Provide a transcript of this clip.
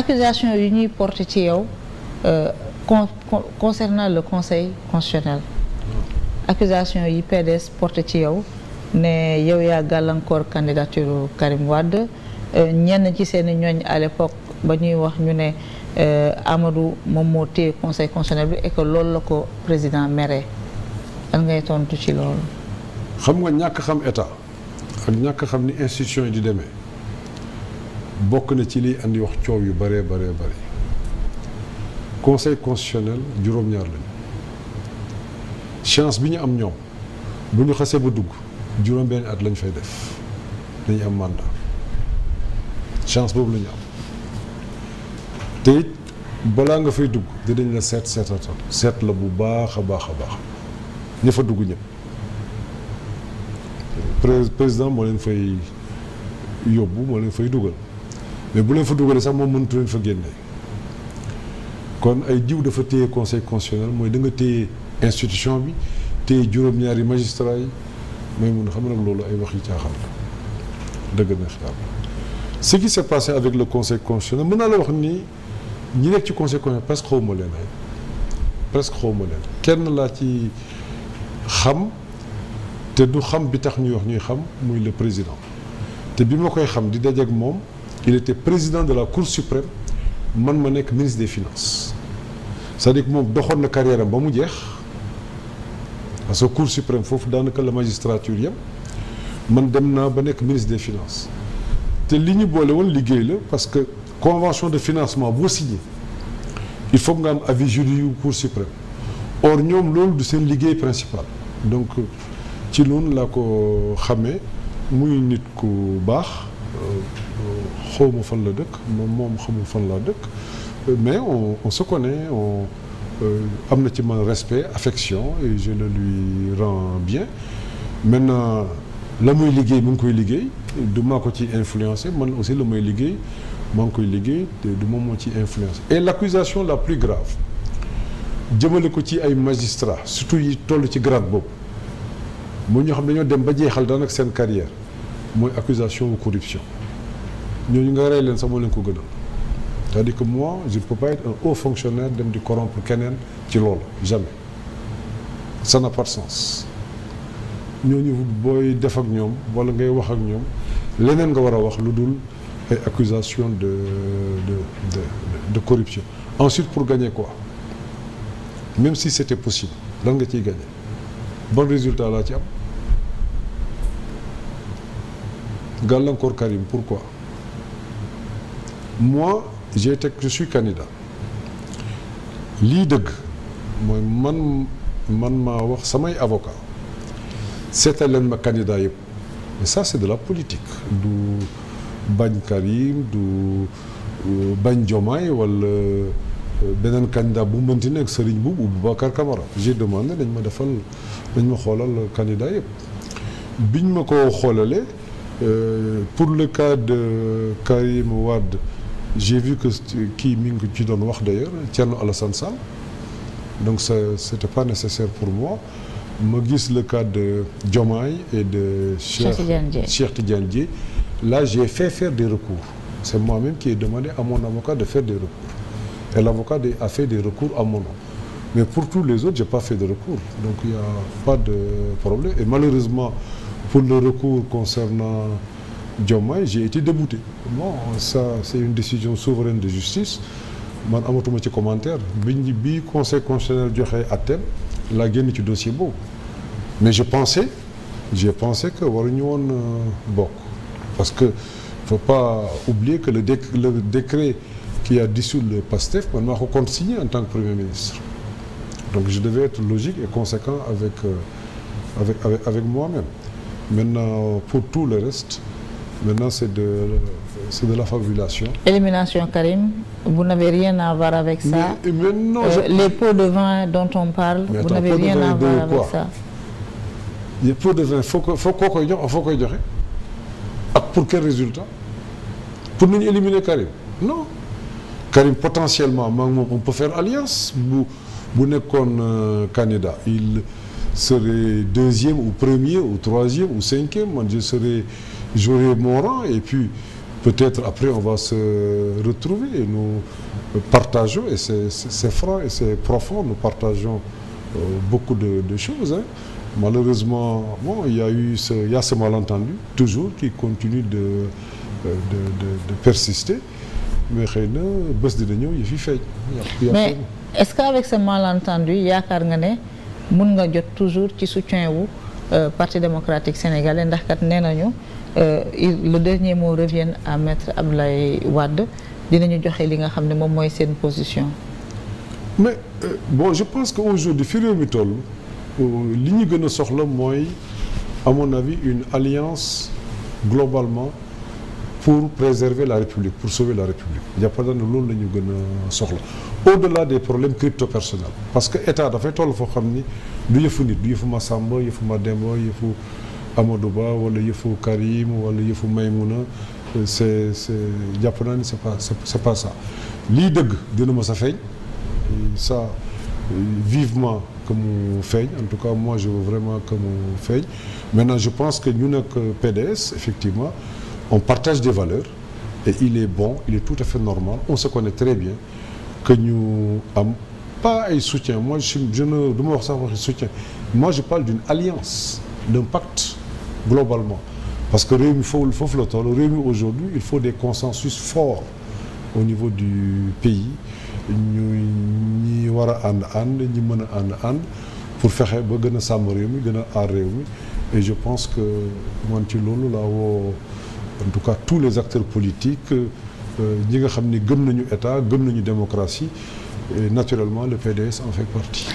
accusation yi ñuy porte ci yow euh, con concernant le conseil constitutionnel accusation yi PDS porte ci yow ne yow yaa gàllankoor candidature Karim Wade euh, ñenn ci seen ñooñ à l'époque ba ñuy wax ñu ne euh, Amadou moom moo téye conseil constitutionnel bi et que loolu la ko président mere lan ngay tontu ci loolu. xam nga ñàkk xam état ak ñàkk xam ni institution yi di demee. bokk na ci liy andi wax coow yu bëree bëree bëri conseil constitutionnel juróom-ñaar lañu chance bi ñu am ñoom bu ñu xasee ba dugg juróom-benn at lañu fay def dañuy am mandat chance boobu la ñu am te it balaa nga fay dugg dinañ la seet seetatal seet la bu baax a baax a baax ña fa dugg ñëpp président moo leen fay yóbbu moo leen fay dugal. mais bu leen fa dugalee sax moom mënatu leen fa génne kon ay jiw dafa téye conseil constitutionnel mooy da nga téye institution bi téye juróom-ñaari magistrat yi mooy mun xam nag loolu ay wax yu caaxaan la dëgg na xibaar ce qui s'est passé avec le conseil constitutionnel mën naa la wax ni ñi nekk ci conseil constitutionnel presque xawma leen ay presque xawma leen kenn laa ci xam te du xam bi tax ñuy wax ñuy xam muy le président te bi ma koy xam di dajeeg moom il était président de la cour suprême man ma nekk ministre des finances cest à moom doxoon na carrière ba mu jeex parce que cour suprême foofu daanaka la magistrature yam man dem naa ba nekk ministre des finances te li ñu boole woon liggéey la parce que convention de financement boo signé il faut nga am avis juridique yu cour suprême or ñoom loolu du seen liggéey principal donc ci noonu laa ko xamee muy nit ku baax euh, xaw ma fan la dëkk moom moom xamul fan laa dëkk mais on se connaît on euh, am na ci man respect affection et je le lui rends bien maintenant la muy liggéey mu ngi koy liggéey du ma ko ci influencé man aussi la muy liggéey maa ngi liggéey du moom moo ci influencé et l'accusation la plus grave jëmale ko ci ay magistrats surtout yi toll ci grade boobu moo ñoo xam dañoo dem ba jeexal ak seen carrière mooy accusation corruption ñooñu nga rey leen sama moo leen ko gënal c'est-à-dire que moi je ne peux pas être un haut fonctionnaire dem di corrompre keneen ci loolu jamais ça n'a pas sens ñooñu booy def ak ñoom walla ngay wax ak ñoom leneen nga war a wax lu dul ay accusation de de de de corruption ensuite pour gagner quoi même si c'était possible lan nga ciy gagner bon résultat laa ci am gàllankoor Karim quoi moi j'ai teg je suis candidat lii dëgg mooy man man maa wax samay avocat seetal leen ma candidat yëpp mais c'est de la politique du bañ Karim du euh, bañ Diomaye wala euh, beneen candidat bu mënti nekk Serigne Boubou Boubacar Camara j'ai demandé dañ ma defal dañ ma xoolal candidat yëpp biñ ma ko xoolalee euh, pour le cas de Karim Wade j'ai vu que kii mi ngi ci doon wax d'ailleurs Thierno Alassane san donc ça c'était pas nécessaire pour moi ma gis le cas de Diomaye et de Cheikh Cheikh Tidiane Dièye là j'ai fait faire des recours c'est moi-même qui ai demandé à mon avocat de faire des recours et l'avocat a fait des recours à mon nom mais pour tous les autres j'ai pas fait de recours donc il y a pas de problème et malheureusement pour le recours concernant Diomaye j'ai été débouté bon ça c'est décision souveraine de justice man amatuma ci commentaire biñ bi conseil constitutionnel joxe àtteem laa génn ci dossier bo mais je pensais je pensé que waruñu woon euh, bokk parce que faut pas oublier que le déc le décret qui a dissous le PASTEF man maa ko consigné en tant que premier ministre donc je devais être logique et conséquent avec euh, avec avec, avec moi-même maintenant pour tout le reste Maintenant, c'est de, c'est de la fabulation. Élimination, Karim, vous n'avez rien à voir avec ça. Mais, mais euh, de vin dont on parle, mais vous n'avez rien à voir avec quoi? ça. Les de vin, il faut qu'on faut qu'on faut pour quel résultat Pour nous éliminer Karim Non. Karim, potentiellement, on peut faire alliance. Vous n'êtes qu'un candidat. Euh, il serait deuxième ou premier ou troisième ou cinquième. Je serais... j'aurai mon rang et puis peut-être après on va se retrouver et nous partageons, et c'est franc et c'est profond, nous partageons euh, beaucoup de, de choses. Hein. Malheureusement, bon, il y a malentendu, toujours, qui continue euh, de, de, de persister. mais xëy na bés dina ñëw yi fi mais est-ce qu'avec ce malentendu yaakaar nga ne mun nga jot toujours ci soutien wu. Euh, parti démocratique sénégalais ndax kat nee nañu euh, le dernier mot revient à maître Abdoulaye Wade dinañu joxe li nga xam ne moom mooy seen position. mais euh, bon je pense que aujourd'hui fi réew mi toll li ñu gën a soxla mooy à mon avis une alliance globalement pour préserver la République pour sauver la République jàppale na loolu la ñu gën a soxla au-delà des problèmes crypto-personnels parce que état dafay toll foo xam ni du yëfu nit du yëfu Massamba yëfu Mademba yëfu Amadou Ba wala yëfu Karim wala yëfu Maymouna c'est c'est jàpp naa ni c'est pas c'est pas ça lii dëgg dina ma sa feeñ ça vivement que mu feeñ en tout cas moi je vraiment que mu feeñ maintenant je pense que ñu nekk PDS effectivement on partage des valeurs et il est bon il est tout à fait normal on se connaît très bien que ñu am pas ay soutien moi je suis je wax sax waxi soutien moi je parle d'une alliance d'un globalement parce que réew mi foofu foofu la toll réew mi aujourd'hui il faut des consensus forts au niveau du pays ñu ñi war a ànd ànd ñi mën a ànd ànd pour fexe ba gën a sàmm réew mi gën a aar réew mi et je pense que man ci loolu laa woo en tout cas tous les acteurs politiques euh, ñi nga xam ni gën nañu état gën nañu démocratie et naturellement le PDS en fait partie